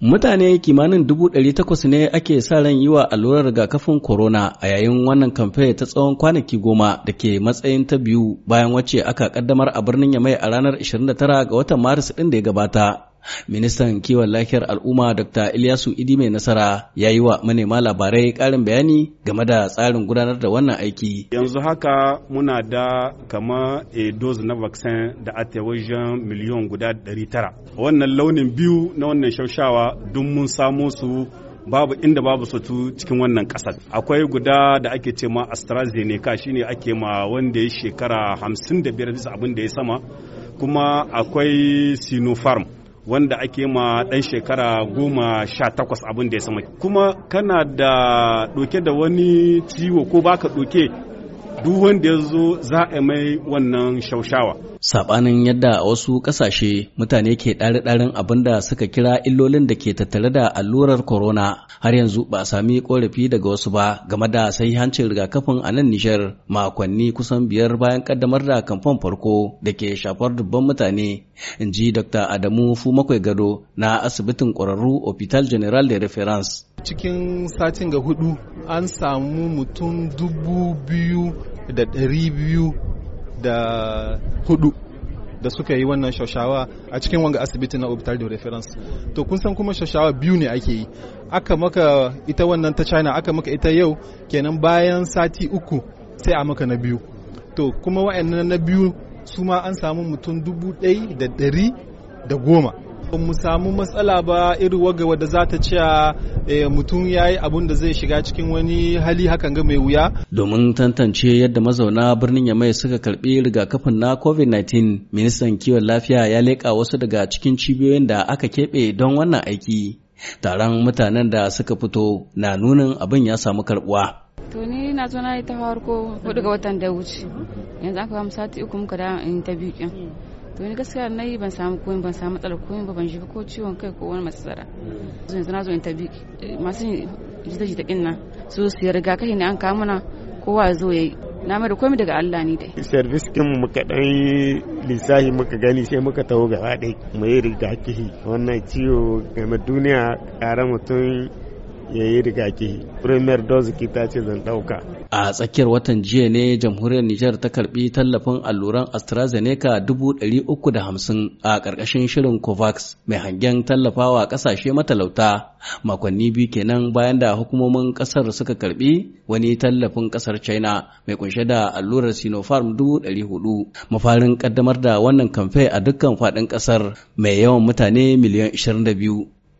Mutane kimanin dubu ɗari takwas ne ake sa ran yi wa allurar rigakafin corona a yayin wannan kamfe ta tsawon kwanaki goma da ke matsayin ta biyu bayan wacce aka kaddamar a birnin Yamai a ranar 29 ga watan Maris ɗin da ya gabata. Ministan kiwon lafiyar al'umma Dr. Ilyasu Idi mai nasara ya yi wa manema labarai ƙarin bayani game da tsarin gudanar da wannan aiki. Yanzu haka muna da kama a eh, dose na vaccine da ata wajen miliyon guda 900. Wannan launin biyu na wannan shaushawa duk mun samo su babu inda babu sutu cikin wannan kasar akwai guda da ake ce ma astrazeneca shine ake ma wanda ya shekara 55 bisa abin da ya sama kuma akwai sinopharm wanda ake ma ɗan shekara goma sha takwas abin da ya sama kuma kana da ɗoke da wani ciwo ko baka ɗoke duk wanda ya zo za a mai wannan shaushawa. Sabanin yadda a wasu ƙasashe mutane ke ɗari-ɗarin abin da suka kira illolin da ke tattare da allurar corona har yanzu ba a sami ƙorafi daga wasu ba game da sahihancin rigakafin a nan Nijar makonni kusan biyar bayan ƙaddamar da kamfan farko da ke shafar dubban mutane in ji Dr. Adamu Fumakwai Gado na asibitin ƙwararru Hospital General de Reference. cikin satin ga hudu an samu mutum dubu biyu da ɗari biyu da hudu da suka yi wannan shashawa a cikin wanga asibiti na hospital de reference to kun san kuma shashawa biyu ne ake yi aka maka ita wannan ta china aka maka ita yau kenan bayan sati uku sai a maka na biyu to kuma wa'annan na biyu su ma an samu mutum dubu ɗai da ɗari da goma ba mu samu matsala ba irin waga wadda za ta ce eh, mutum ya yi abun da zai shiga cikin wani hali hakan ga mai wuya. Domin tantance yadda mazauna birnin ya mai suka karbi rigakafin na COVID-19, ministan kiwon lafiya ya leƙa wasu daga cikin cibiyoyin da aka keɓe don wannan aiki. Taron mutanen da suka fito na nunin abin ya samu karbuwa. To ni na zo na yi ta farko hudu ga watan da wuce. Yanzu aka samu sati uku muka da in ta biyu to ni gaskiya na yi ban samu koyin ban samu matsalar koyin ba ban shiga ko ciwon kai ko wani matsala mm. yanzu na zo in tabi masu jita-jita ɗin nan su su rigakafi ne an kawo mana kowa ya zo ya yi na mai da komai daga Allah ne dai. Servis ɗin muka ɗan yi lissahi muka gani sai muka taho gaba ɗaya mai rigakafi wannan ciwo game duniya ƙara mutum ya yi rigaki premier dose kita ce zan dauka a tsakiyar watan jiya ne jamhuriyar nijar ta karbi tallafin alluran astrazeneca 350 a ƙarƙashin shirin covax mai hangen tallafawa ƙasashe matalauta makonni biyu kenan bayan da hukumomin ƙasar suka karbi wani tallafin ƙasar china mai kunshe da allurar sinopharm 400 mafarin kaddamar da wannan kamfe a dukkan faɗin ƙasar mai yawan mutane miliyan 22